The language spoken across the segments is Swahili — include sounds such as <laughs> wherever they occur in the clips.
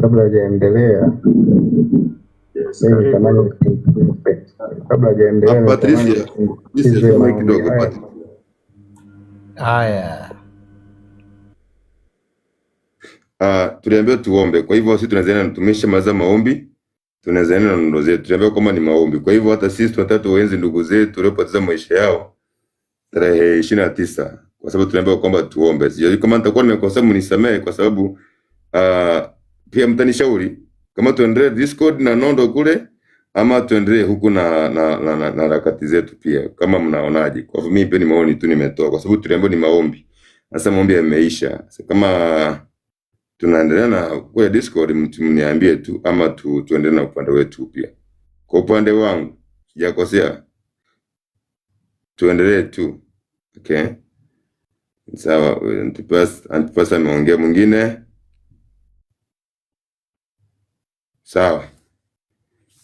kabla hajaendelea kabla hujaendelea ah, haya Uh, tuliambiwa tuombe. Kwa hivyo sisi tunazaena tumeshamaliza maombi, tunazaena na ndoto zetu. tunaambiwa kwamba ni maombi. Kwa hivyo hata sisi tunataka tuenzi ndugu zetu waliopoteza maisha yao tarehe ishirini na tisa kwa sababu tunaambiwa kwamba tuombe. Sijui kama nitakuwa nimekosea, mnisamehe kwa sababu uh, pia mtanishauri kama tuendelee Discord na nondo kule ama tuendelee huku na na, na, na, na harakati zetu pia, kama mnaonaje? Kwa sababu mimi pia ni maoni tu nimetoa, kwa sababu tuliambiwa ni maombi. Sasa maombi yameisha, sasa kama tunaendelea na kule Discord, mniambie tu ama tu, tuendelee na upande wetu pia. Kwa upande wangu sijakosea, tuendelee tu okay, sawa. Antipas Antipas ameongea mwingine Sawa.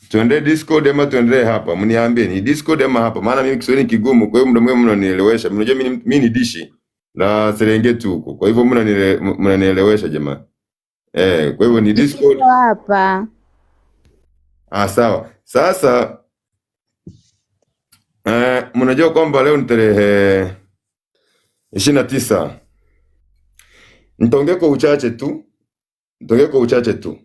Tuende Discord ama tuende hapa? Mniambie ni Discord ama hapa? Maana mimi Kiswahili kigumu, kwa hiyo mdomo wangu mnanielewesha. Mnajua mimi mimi ni dishi na Serengeti huko. Kwa hivyo mnanielewesha jamani. Eh, kwa hivyo ni Discord hapa. Ah, sawa. Sasa eh, mnajua kwamba leo ni tarehe ishirini na tisa. Nitaongea kwa uchache tu. Nitaongea kwa uchache tu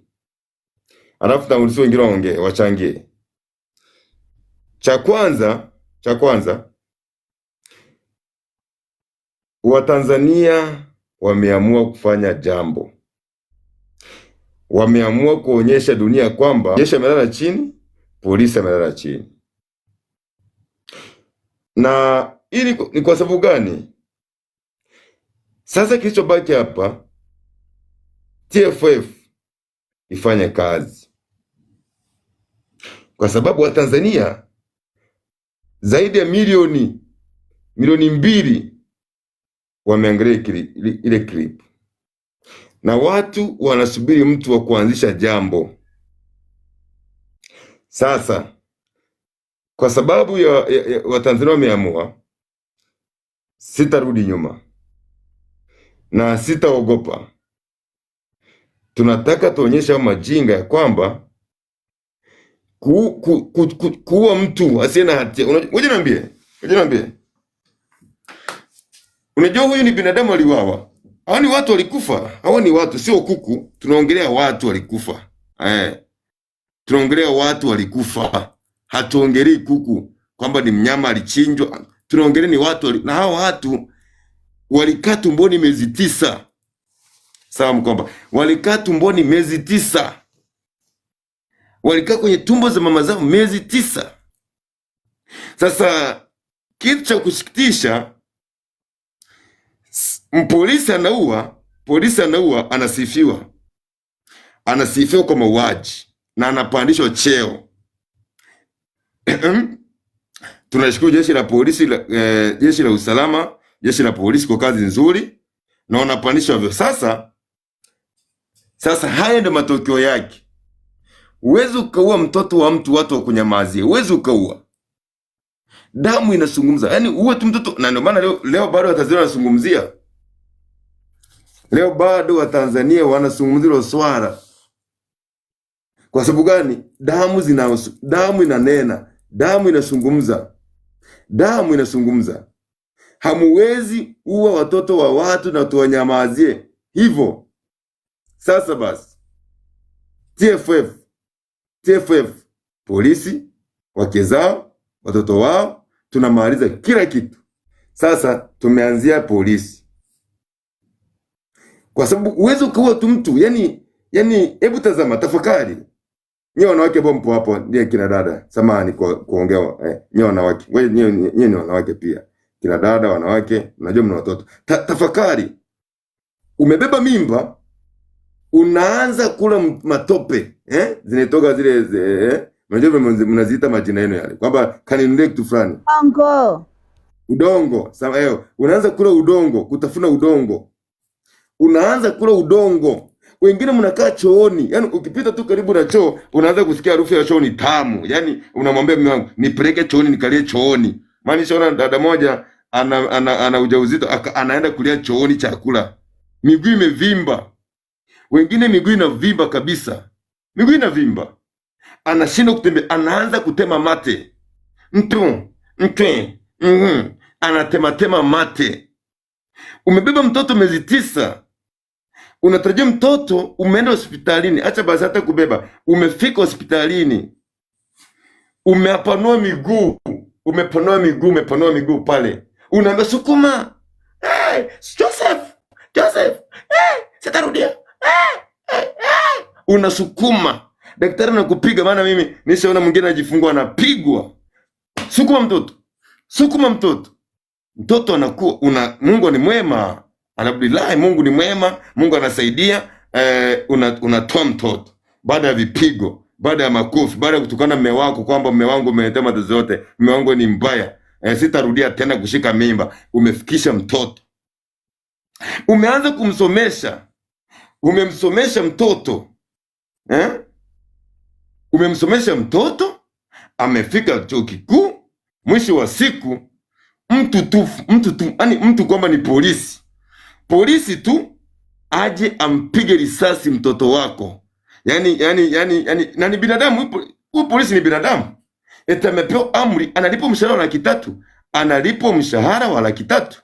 alafu tangulizi wengine waongee wachangie. Cha kwanza cha kwanza, Watanzania wameamua kufanya jambo, wameamua kuonyesha dunia kwamba jeshi amelala chini, polisi amelala chini. Na ili ni kwa sababu gani? Sasa kilichobaki hapa TFF ifanye kazi kwa sababu Watanzania zaidi ya milioni milioni mbili wameangalia ile clip na watu wanasubiri mtu wa kuanzisha jambo. Sasa kwa sababu ya, ya, ya Watanzania wameamua, sitarudi nyuma na sitaogopa. Tunataka tuonyesha majinga ya kwamba kuua ku, ku, ku, ku, mtu asiye na hatia. Ngoja niambie, ngoja niambie, unajua huyu ni binadamu aliwawa. Hawa ni watu walikufa, hawa ni watu, sio kuku. Tunaongelea watu walikufa eh, tunaongelea watu walikufa, hatuongelei kuku kwamba ni mnyama alichinjwa. Tunaongelea ni watu wali... na hawa watu walikaa tumboni miezi tisa, sawa mkomba, walikaa tumboni miezi tisa walikaa kwenye tumbo za mama zao miezi tisa. Sasa kitu cha kusikitisha, mpolisi anaua, polisi anaua, anasifiwa, anasifiwa kwa mauaji na anapandishwa cheo tunashukuru jeshi la polisi la, eh, jeshi la usalama, jeshi la polisi kwa kazi nzuri na wanapandishwa hivyo. Sasa sasa haya ndio matokeo yake. Huwezi ukaua mtoto wa mtu watu wakunyamazie, huwezi ukaua. Damu inazungumza, yaani uwe tu mtoto. Na ndio maana leo, leo bado Watanzania wanazungumzia, leo bado Watanzania wanazungumzia hilo swala. Kwa sababu gani? Damu zina damu inanena, damu inazungumza, damu inazungumza. Hamuwezi uwa watoto wa watu na tuwanyamazie hivyo. Sasa basi TFF TFF, polisi, wake zao, watoto wao, tunamaliza kila kitu. Sasa tumeanzia polisi, kwa sababu uwezi ukaua tu mtu yani, yani, hebu tazama, tafakari nyewe wanawake ambao mpo hapo, ndiye kina dada, samahani kwa kuongea eh, nyewe wanawake, wewe nyewe ni wanawake pia, kina dada, wanawake, najua mna watoto. Ta, tafakari, umebeba mimba unaanza kula matope eh? zinatoka zile eh? Unajua mnaziita majina yenu yale kwamba kaninulie kitu fulani udongo udongo. Sawa, leo eh, unaanza kula udongo, kutafuna udongo, unaanza kula udongo. Wengine mnakaa chooni, yani ukipita tu karibu na choo unaanza kusikia harufu ya choo ni tamu, yani unamwambia mume wangu nipeleke chooni nikalie chooni. Maana nishaona dada moja ana, ana, ana, ana ujauzito anaenda kulia chooni chakula, miguu imevimba wengine miguu inavimba kabisa, miguu inavimba, anashindwa kutembea, anaanza kutema mate mtu mtwe mm, mhmm, anatematema mate. Umebeba mtoto miezi tisa, unatarajia mtoto, umeenda hospitalini, acha basi hata kubeba, umefika hospitalini, umepanua miguu, umepanua miguu, umepanua miguu pale, unaambia sukuma, hey, Joseph, Joseph, hey, sitarudia unasukuma daktari nakupiga, maana mimi nishaona mwingine anajifungua anapigwa. Sukuma mtoto, sukuma mtoto, mtoto anakuwa una. Mungu ni mwema, alhamdulilahi, Mungu ni mwema, Mungu anasaidia. Eh, unatoa una mtoto baada ya vipigo, baada ya makofi, baada ya kutukana mme wako kwamba mme wangu umeleta matatizo yote, mme wangu ni mbaya, eh, sitarudia tena kushika mimba. Umefikisha mtoto, umeanza kumsomesha umemsomesha mtoto eh? Umemsomesha mtoto amefika chuo kikuu, mwisho wa siku mtu tu mtu tu yani mtu kwamba ni polisi, polisi tu aje ampige risasi mtoto wako, yani yani yani, yani na ni binadamu huyu, polisi ni binadamu. Eti amepewa amri, analipo mshahara wa laki tatu, analipwa mshahara wa laki tatu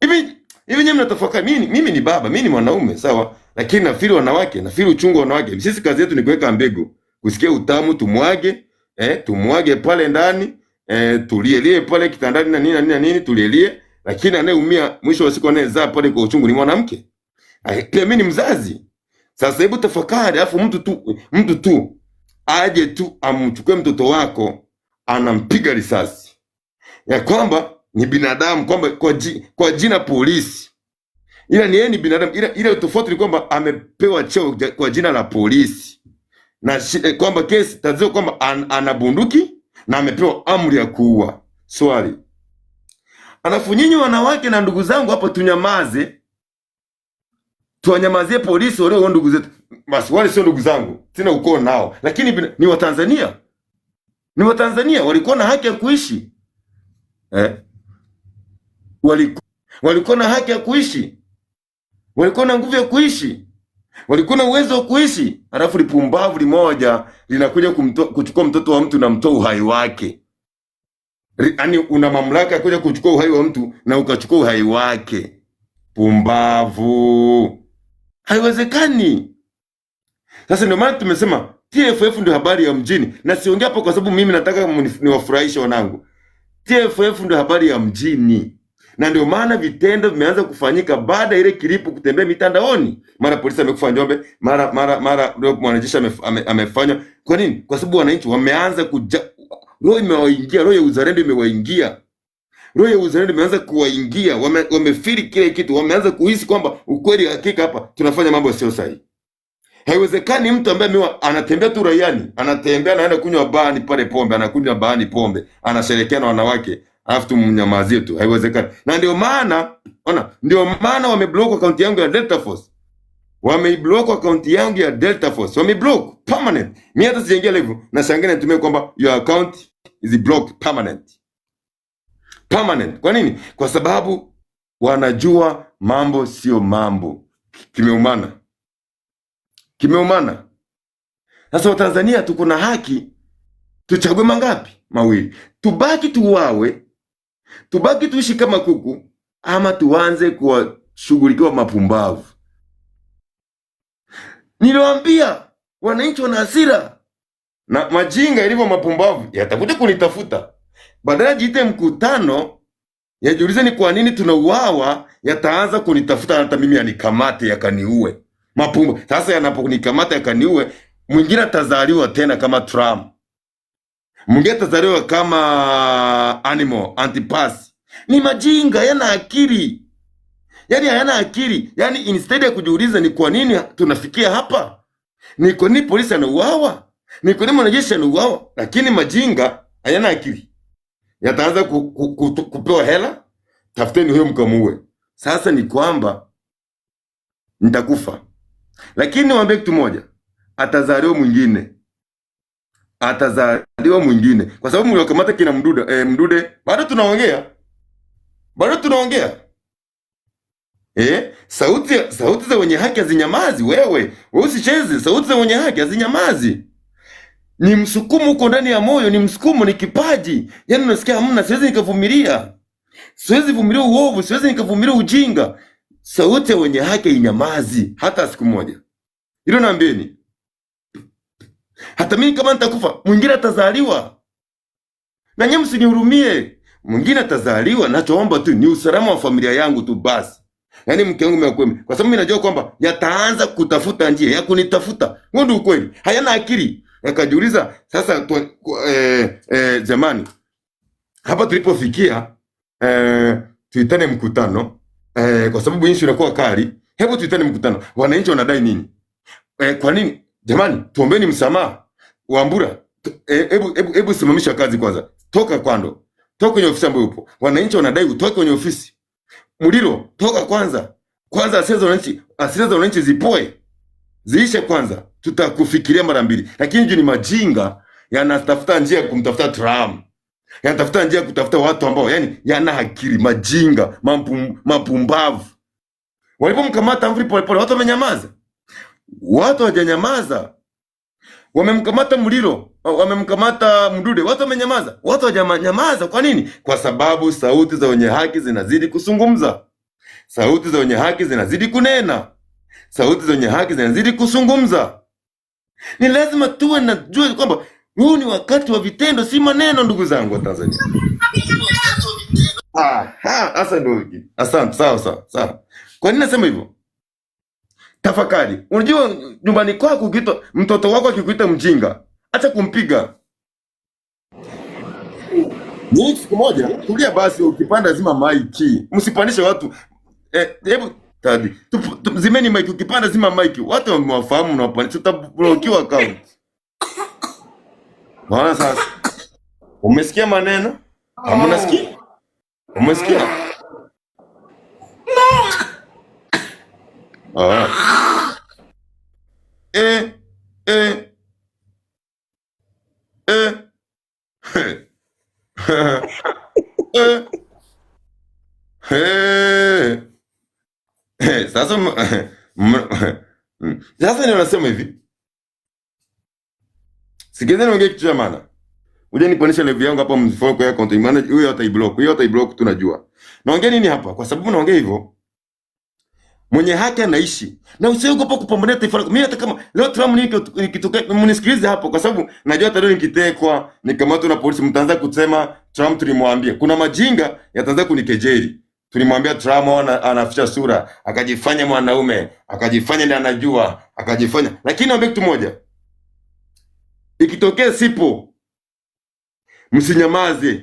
hivi Hivi nyewe mnatafakari mimi mimi ni baba, mimi ni mwanaume, sawa? Lakini nafili wanawake, nafili uchungu wanawake. Sisi kazi yetu ni kuweka mbegu, kusikia utamu tumwage, eh, tumwage pale ndani, eh, tulielie pale kitandani na nini na nini na nini tulielie, lakini anayeumia mwisho wa siku anayezaa pale kwa uchungu ni mwanamke. Pia mimi ni mzazi. Sasa hebu tafakari, alafu mtu tu mtu tu aje tu amchukue mtoto wako anampiga risasi. Ya kwamba ni binadamu kwamba kwa, ji, kwa jina polisi, ila ni yeye ni binadamu, ila ile tofauti ni kwamba amepewa cheo kwa jina la polisi na eh, kwamba kesi tazio kwamba an, ana bunduki na amepewa amri ya kuua. Swali, alafu nyinyi wanawake na ndugu zangu hapo, tunyamaze, tuwanyamazie polisi wale wao ndugu zetu. Basi wale sio ndugu zangu, sina ukoo nao, lakini bina, ni Watanzania, ni Watanzania walikuwa na haki ya kuishi eh? walikuwa, walikuwa na haki ya kuishi, walikuwa na nguvu ya kuishi, walikuwa na uwezo wa kuishi, halafu lipumbavu limoja linakuja kumto, kuchukua mtoto wa mtu na mtoa uhai wake. Yaani una mamlaka ya kuja kuchukua uhai wa mtu na ukachukua uhai wake. Pumbavu, haiwezekani. Sasa ndio maana tumesema TFF ndio habari ya mjini, na siongea hapo kwa sababu mimi nataka niwafurahishe wanangu. TFF ndio habari ya mjini na ndio maana vitendo vimeanza kufanyika baada ya ile kilipu kutembea mitandaoni. Mara polisi amekufa Njombe, mara mara mara mwanajeshi amefanywa. Kwa nini? Kwa sababu wananchi wameanza kuja, roho imewaingia, roho ya uzalendo imewaingia roho ya uzalendo imeanza kuwaingia, wame, wamefiri kile kitu, wameanza kuhisi kwamba ukweli hakika hapa tunafanya mambo sio sahihi. Haiwezekani mtu ambaye miwa anatembea tu raiani, anatembea anaenda kunywa baani pale pombe, anakunywa baani pombe, anasherekea na wanawake, alafu tumnyamazie tu, haiwezekani. Na ndio maana ona, ndio maana wameblock akaunti yangu ya Delta Force, wameiblock akaunti yangu ya Delta Force, wameblock permanent. Mimi hata sijaingia live na shangani nitumie kwamba your account is blocked permanent, permanent. Kwa nini? Kwa sababu wanajua mambo sio mambo, kimeumana, kimeumana. Sasa Watanzania tuko na haki tuchague mangapi? Mawili, tubaki tuwawe Tubaki tuishi kama kuku ama tuanze kuwashughulikiwa mapumbavu? Niliwaambia wananchi wana hasira na majinga yalivyo mapumbavu yatakuja kunitafuta. Badala jiite mkutano yajiulizeni kwa nini tunauawa, yataanza kunitafuta hata mimi yanikamate yakaniue. mapumbavu. sasa yanapo yakaniue, mwingine atazaliwa tena kama Trump mngetazaliwa kama animal antipas. Ni majinga, yana akili yani, hayana akili yani. Yaani instead ya kujiuliza ni kwa nini tunafikia hapa, ni kwa nini polisi anauawa, ni kwa nini mwanajeshi anauawa, lakini majinga hayana akili yataanza ku, ku, ku, ku, kupewa hela, tafuteni huyo mkamuue. Sasa ni kwamba nitakufa, lakini niwaambie kitu moja, atazaliwa mwingine atazaliwa mwingine, kwa sababu mliwakamata kina Mduda eh, Mdude. Bado tunaongea bado tunaongea eh? Sauti, sauti za wenye haki hazinyamazi. Wewe wewe usicheze, sauti za wenye haki hazinyamazi. Ni msukumo uko ndani ya moyo, ni msukumo, ni kipaji. Yani unasikia hamna, siwezi nikavumilia, siwezi vumilia uovu, siwezi nikavumilia ujinga. Sauti ya wenye haki inyamazi hata siku moja, hilo naambieni hata mimi kama nitakufa, mwingine atazaliwa, na nyinyi msinihurumie. Mwingine atazaliwa, nachoomba tu ni usalama wa familia yangu tu basi. Yaani mke wangu mekwemi, kwa sababu mimi najua kwamba yataanza kutafuta njia ya kunitafuta. Huo ndio ukweli, hayana akili. Akajiuliza sasa kwa, eh, eh, jamani, hapa tulipofikia eh, tuitane mkutano eh, kwa sababu nchi inakuwa kali. Hebu tuitane mkutano, wananchi wanadai nini? Eh, kwa nini Jamani, tuombeni msamaha. Wambura, hebu e, hebu hebu simamisha kazi kwanza, toka kwando, toka kwenye ofisi ambayo upo. Wananchi wanadai utoke kwenye ofisi. Mulilo, toka kwanza kwanza, hasira za wananchi, hasira za wananchi zipoe, ziishe kwanza, tutakufikiria mara mbili. Lakini ju ni majinga yanatafuta njia ya kumtafuta Trump, yanatafuta njia ya kutafuta watu ambao yani yana akili, majinga, mapumbavu. Walipomkamata Humphrey Polepole watu wamenyamaza watu wajanyamaza, wamemkamata Mlilo, wamemkamata Mdude, watu wamenyamaza, watu wajanyamaza. Kwa nini? Kwa sababu sauti za wenye haki zinazidi kuzungumza, sauti za wenye haki zinazidi kunena, sauti za wenye haki zinazidi kuzungumza. Ni lazima tuwe jua kwamba huu ni wakati wa vitendo, si maneno, ndugu zangu wa Tanzania. Aha, Asante, sawa sawa sawa. Kwa nini nasema hivyo? Tafakari. Unajua nyumbani kwako ukiitwa mtoto wako akikuita mjinga, acha kumpiga. Ni siku moja, tulia basi ukipanda zima maiki. Msipandishe watu. Eh, hebu tadi. Zimeni maiki ukipanda zima maiki. Watu wamewafahamu na wapandisha utablokiwa account. Bwana sasa. Umesikia maneno? Hamna Umesikia? Ah. Eh, eh. Eh. <laughs> Eh. Eh. eh. Sasa sasa ni unasema hivi. Sikizeni ongea kitu cha maana. Uje niponesha live yangu hapa mfollow kwa account manager huyo ataiblock. Huyo ataiblock tunajua. Naongea nini hapa? Kwa sababu naongea hivyo Mwenye haki anaishi. Na usiogopa kupambania taifa lako. Mimi hata kama leo Trump nikitokea mnisikilize hapo kwa sababu najua hata nikitekwa, nikamatwa na polisi mtaanza kusema Trump tulimwambia. Kuna majinga yataanza kunikejeli. Tulimwambia Trump anaficha sura, akajifanya mwanaume, akajifanya ndiye anajua, akajifanya. Lakini niambie kitu moja. Ikitokea sipo, msinyamaze.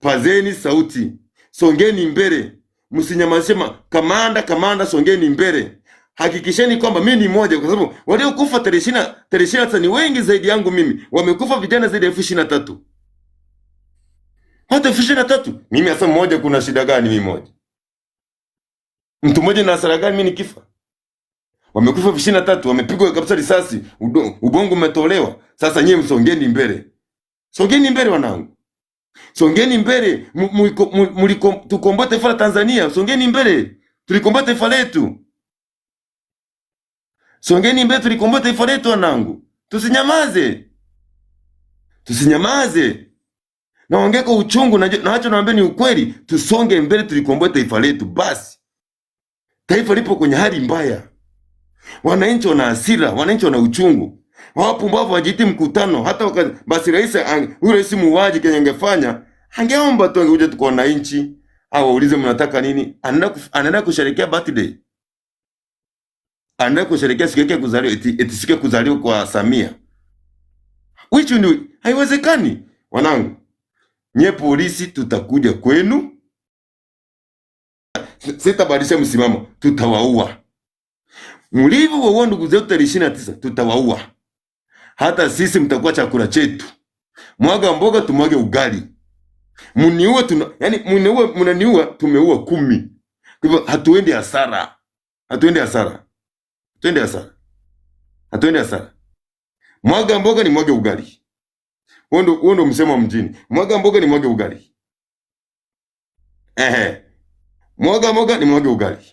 Pazeni sauti. Songeni mbele msinyamazisema kamanda, kamanda, songeni mbele, hakikisheni kwamba mimi ni mmoja, kwa sababu waliokufa tarehe ishirini na tisa ni wengi zaidi yangu mimi. Wamekufa vijana zaidi ya elfu ishirini na tatu hata elfu ishirini na tatu Mimi hasa mmoja, kuna shida gani? Mimi mmoja, mtu mmoja na hasara gani mimi nikifa? Wamekufa elfu ishirini na tatu wamepigwa kabisa risasi, ubongo umetolewa. Sasa nyie msongeni mbele, songeni mbele wanangu. Songeni mbele, tukomboe taifa la Tanzania. Songeni mbele, tulikomboe taifa letu. Songeni mbele, tulikomboe taifa letu. Wanangu, tusinyamaze, tusinyamaze. Naongea kwa uchungu na wacho, naambia ni ukweli. Tusonge mbele, tulikomboe taifa letu. Basi taifa lipo kwenye hali mbaya, wananchi wana hasira, wananchi wana uchungu wapumbavu wajiti mkutano hata waka, basi rais huyu rais muwaji kenye angefanya angeomba tu, angekuja tuko na wananchi au waulize mnataka nini. Anaenda kusherekea birthday, anaenda kusherekea siku yake kuzaliwa, eti, eti siku kuzaliwa kwa Samia, which ni haiwezekani. Wanangu nye polisi, tutakuja kwenu, sitabadilisha msimamo, tutawaua mlivu wa ndugu zetu tarehe ishirini na tisa, tutawaua hata sisi mtakuwa chakula chetu. Mwaga mboga tumwage ugali, muniue tuna, yani muniue, mnaniua tumeua kumi. Kwa hivyo hatuendi hasara, hatuendi hasara, hatuendi hasara, hatuendi hasara. Mwaga mboga ni mwage ugali, huo ndo msemo wa mjini. Mwaga mboga ni mwage ugali, ehe, mwaga mboga ni mwage ugali,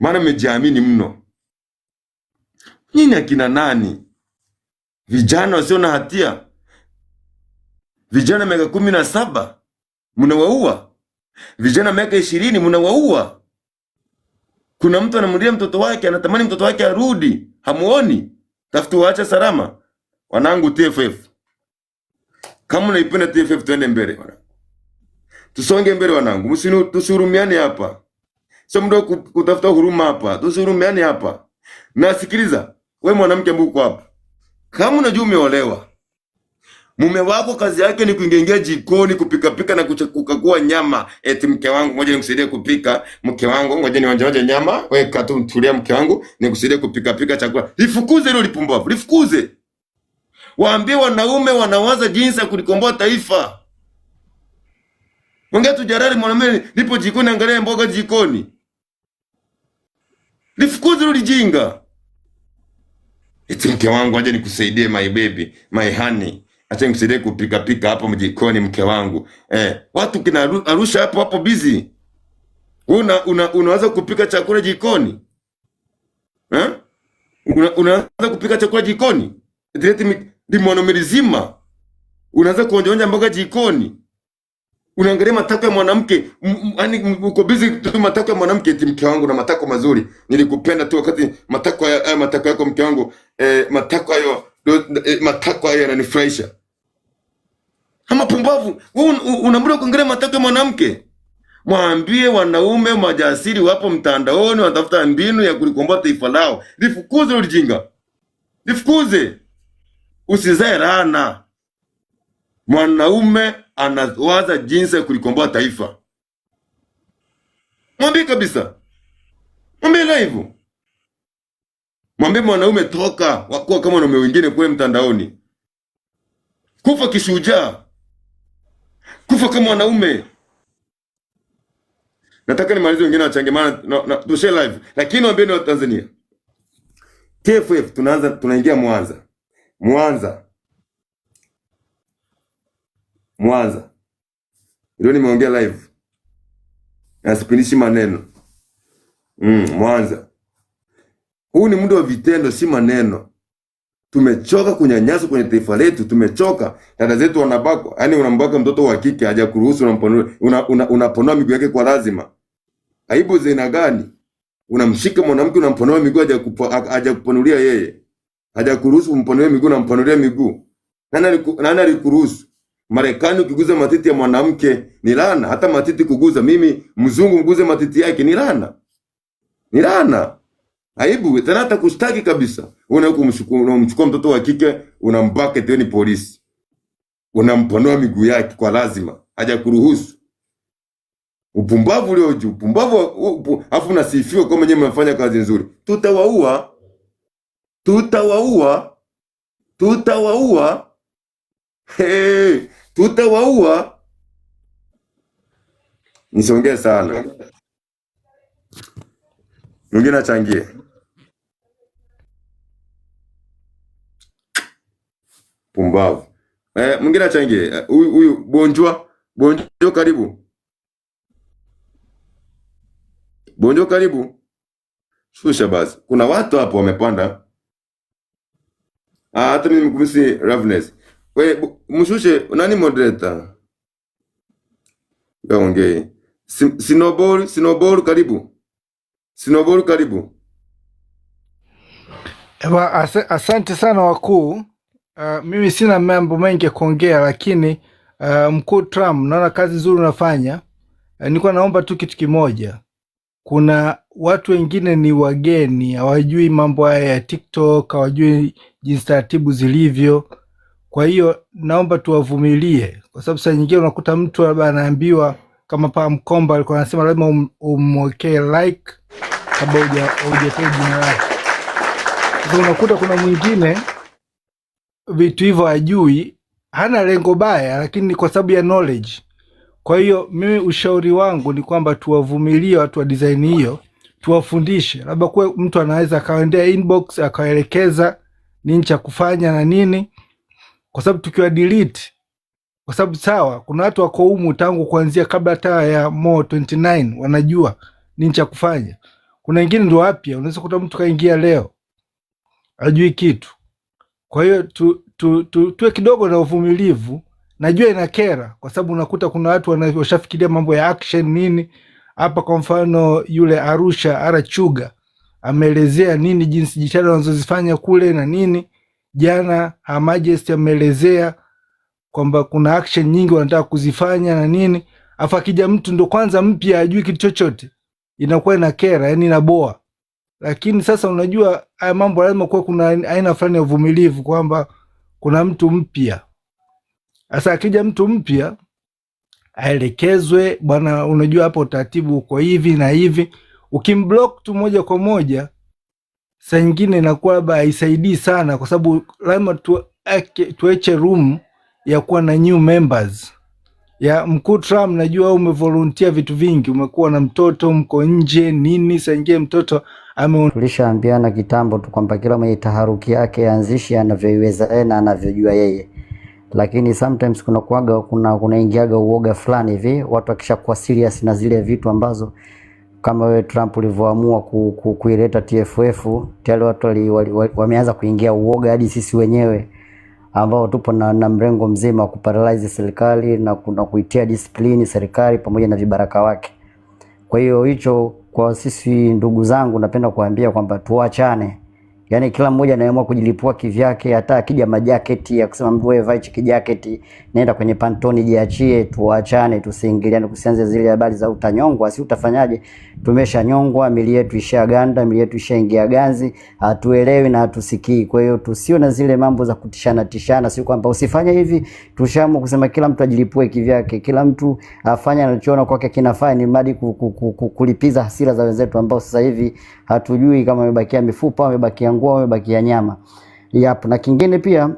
maana mmejiamini mno nyinyi akina nani vijana wasio na hatia, vijana miaka kumi na saba mnawaua, vijana miaka ishirini mnawaua. Kuna mtu anamlia mtoto wake, anatamani mtoto wake arudi, hamuoni? Tafuti waacha salama, wanangu. TFF kama unaipenda TFF, tuende mbele tusonge mbele wanangu, tusihurumiane hapa, sio muda kutafuta huruma hapa, tusihurumiane hapa. Nasikiliza we mwanamke mbuko hapa kama unajua umeolewa, mume wako kazi yake ni kuingia jikoni kupikapika na kukagua nyama, eti mke wangu, ngoja nikusaidie kupika, mke wangu, ngoja nionjeonje nyama, weka tu, tulia, mke wangu, nikusaidie kupikapika chakula. Lifukuze hilo lipumbavu, lifukuze. Waambie wanaume wanawaza jinsi ya kulikomboa taifa. Mwongea tu jarari, mwanamume nipo jikoni, angalia mboga jikoni. Lifukuze hilo lijinga. Eti mke wangu, aje nikusaidie my baby, my honey, acha nikusaidie kupika pika hapo mjikoni mke wangu. Eh, watu kina Arusha hapo hapo busy. Una, una unaweza kupika chakula jikoni? Eh? Una, unaweza kupika chakula jikoni? Direct limono milizima. Unaweza kuonjaonja mboga jikoni? unaangalia matako ya mwanamke, yani, uko busy tu matako ya mwanamke, eti mke wangu na matako mazuri, nilikupenda tu wakati matako haya matako yako mke wangu eh, matako hayo eh, matako hayo yananifurahisha. Ama pumbavu, wewe, unaambiwa kuangalia matako ya mwanamke. Mwambie wanaume majasiri wapo mtandaoni, wanatafuta mbinu ya kulikomboa taifa lao. Lifukuze ulijinga, lifukuze, usizae laana mwanaume anawaza jinsi ya kulikomboa taifa. Mwambie kabisa, mwambie live, mwambie mwanaume, toka wakuwa kama wanaume wengine kule mtandaoni, kufa kishujaa, kufa kama wanaume. Nataka nimalize, wengine wachange, maana tushe live, lakini wambie ni Watanzania TFF tunaanza, tunaingia Mwanza, Mwanza Mwanza. Ndio nimeongea live. Na sipindishi maneno. Mm, Mwanza. Huu ni muda wa vitendo, si maneno. Tumechoka kunyanyaswa kwenye taifa letu, tumechoka. Dada zetu wanabakwa, yaani unambaka mtoto wa kike hajakuruhusu, unamponua una, una, unaponua miguu yake kwa lazima. Aibu zina gani? Unamshika mwanamke unamponua miguu, hajakupanulia yeye, hajakuruhusu umponue miguu, na unamponulia miguu. Nani alikuruhusu? Marekani ukiguza matiti ya mwanamke ni lana, hata matiti kuguza. Mimi mzungu mguze matiti yake ni lana, ni lana, aibu. Tena hata kushtaki kabisa. Unamchukua mtoto wa kike unambaka ni polisi, unampanua miguu yake kwa lazima, haja kuruhusu. Upumbavu ulio juu, upumbavu. Afu nasifiwa kwa mwenyewe, mmefanya kazi nzuri. Tutawaua, tutawaua, tutawaua tutawaua. Nisongee sana, mwingine achangie. Pumbavu eh, mwingine achangie. Eh, huyu bonjwa bonjwa, karibu bonjwa, karibu shusha. Basi kuna watu hapo wamepanda. Ah, hata mimi mkumsi Ravnes wewe mushushe nani moderator? Yaongee. Sinobol, Sinobol karibu. Sinobol karibu. Ewa, asante sana wakuu. Uh, mimi sina mambo mengi ya kuongea lakini uh, mkuu Trump naona kazi nzuri unafanya. Uh, nilikuwa naomba tu kitu kimoja. Kuna watu wengine ni wageni, hawajui mambo haya ya TikTok, hawajui jinsi taratibu zilivyo. Kwa hiyo naomba tuwavumilie, kwa sababu saa nyingine unakuta mtu labda anaambiwa kama paa Mkomba alikuwa anasema lazima um, umwekee like kabla hujatoa jina lake. unakuta kuna mwingine vitu hivyo hajui, hana lengo baya, lakini kwa sababu ya knowledge. Kwa hiyo mimi ushauri wangu ni kwamba tuwavumilie watu wa design hiyo, tuwafundishe, labda kuwe mtu anaweza akaendea inbox akawaelekeza nini cha kufanya na nini kwa sababu tukiwa delete, kwa sababu sawa, kuna watu wako humu tangu kuanzia kabla hata ya Mo 29 wanajua nini cha kufanya. Kuna wengine ndio wapya, unaweza kuta mtu kaingia leo ajui kitu. Kwa hiyo tu, tu, tu, tu, tuwe kidogo na uvumilivu. Najua inakera kwa sababu unakuta kuna watu washafikiria mambo ya action nini hapa. Kwa mfano yule Arusha Arachuga ameelezea nini jinsi jitihada wanazozifanya kule na nini Jana Hamajest ameelezea kwamba kuna action nyingi wanataka kuzifanya na nini, afu akija mtu ndo kwanza mpya ajui kitu chochote, inakuwa ina kera, yani inaboa. Lakini sasa unajua haya mambo lazima kuwa kuna aina fulani ya uvumilivu kwamba kuna mtu mpya. Sasa akija mtu mpya aelekezwe, bwana, unajua hapo utaratibu uko hivi na hivi. Ukimblock tu moja kwa moja saa nyingine inakuwa labda haisaidii sana, kwa sababu lazima tuache room ya kuwa na new members ya mkuu Trump, najua umevolunteer vitu vingi, umekuwa na mtoto, mko nje nini, saa nyingine mtoto ame... tulishaambiana kitambo tu kwamba kila mwenye taharuki yake yaanzishi anavyoiweza yeye na anavyojua yeye, lakini sometimes kuna kuaga, kuna kunaingiaga uoga fulani hivi watu wakishakuwa serious na zile vitu ambazo kama wewe Trump ulivyoamua ku, ku, kuileta TFF tayari watu wameanza kuingia uoga, hadi sisi wenyewe ambao tupo na, na mrengo mzima wa kuparalyze serikali na, na kuitia disiplini serikali pamoja na vibaraka wake. Kwa hiyo hicho, kwa sisi ndugu zangu, napenda kuambia kwamba tuachane. Yaani kila mmoja anaamua kujilipua kivyake, hata akija majaketi ya kusema mtu wewe vaa hiki kijaketi, nenda kwenye pantoni jiachie, tuachane, tusiingiliane, kusianze zile habari za utanyongwa, si utafanyaje? Tumeshanyongwa, mili yetu ishaganda, mili yetu ishaingia ganzi, hatuelewi na hatusikii. Kwa hiyo tusio na zile mambo za kutishana tishana, sio kwamba usifanye hivi. tushamu kusema kila mtu ajilipue kivyake, kila mtu afanye anachoona kwake kinafaa, ni mradi kulipiza hasira za wenzetu ambao sasa hivi hatujui kama amebakia mifupa au amebakia nguo wamebakia nyama yapo Na kingine pia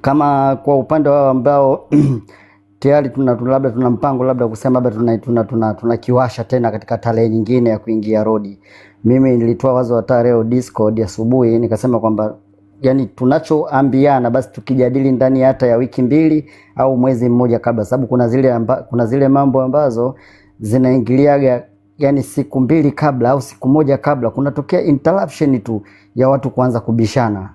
kama kwa upande wao ambao <clears throat> tayari tuna labda tuna mpango labda kusema labda tuna, tuna, tuna, tuna kiwasha tena katika tarehe nyingine ya kuingia rodi. Mimi nilitoa wazo wa tarehe Discord asubuhi nikasema kwamba yani tunachoambiana basi tukijadili ndani hata ya wiki mbili au mwezi mmoja kabla, sababu kuna zile amba, kuna zile mambo ambazo zinaingiliaga yani siku mbili kabla au siku moja kabla kunatokea interruption tu ya watu kuanza kubishana,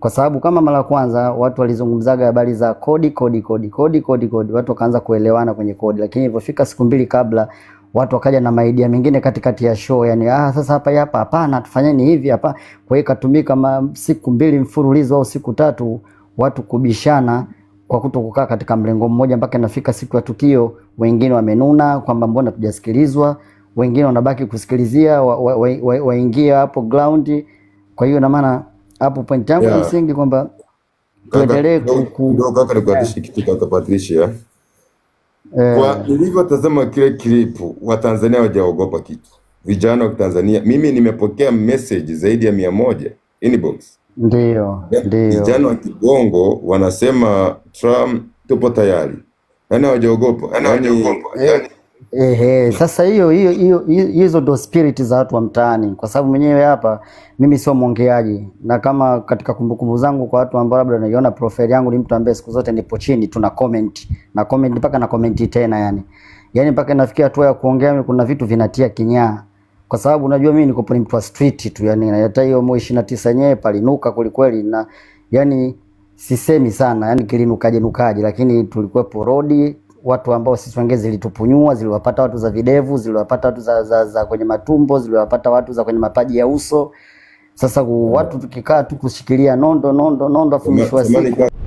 kwa sababu kama mara kwanza watu walizungumzaga habari za kodi kodi kodi kodi kodi kodi, watu wakaanza kuelewana kwenye kodi, lakini ilipofika siku mbili kabla watu wakaja na maidia mengine katikati ya show, yani ah, sasa hapa hapa hapana, tufanyeni hivi hapa. Kwa hiyo ikatumika siku mbili mfululizo au siku tatu watu kubishana kwa kuto kukaa katika mlengo mmoja, mpaka inafika siku ya tukio, wengine wamenuna kwamba mbona tujasikilizwa wengine wanabaki kusikilizia waingie wa, wa, wa hapo ground. Kwa hiyo na maana hapo point yangu yeah, msingi kwamba tuendelee kukuatisha kitu kaka Patricia eh, kwa nilivyotazama kile klipu Watanzania wajaogopa kitu, vijana wa Tanzania. Mimi nimepokea message zaidi ya mia moja inbox, ndio eh, ndio vijana wa Kigongo wanasema Trump tupo tayari, yani hawajaogopa, yani yaani, hawajaogopa eh, yaani Ehe, sasa hiyo hiyo hiyo hizo ndo spirit za watu wa mtaani, kwa sababu mwenyewe hapa mimi sio mwongeaji, na kama katika kumbukumbu zangu kwa watu ambao labda naiona profile yangu ni mtu ambaye siku zote nipo chini tuna comment na comment mpaka na comment tena, yani yani mpaka nafikia hatua ya kuongea mimi, kuna vitu vinatia kinyaa, kwa sababu unajua mimi niko ni mtu wa street tu, yani hata hiyo mwe 29 yenyewe palinuka kulikweli, na yani sisemi sana, yani kilinukaje nukaje, lakini tulikuwa porodi watu ambao sisi wengine zilitupunyua, ziliwapata watu za videvu, ziliwapata watu za, za, za kwenye matumbo, ziliwapata watu za kwenye mapaji ya uso. Sasa watu tukikaa tu kushikilia nondo nondo nondo, afu mwisho wa siku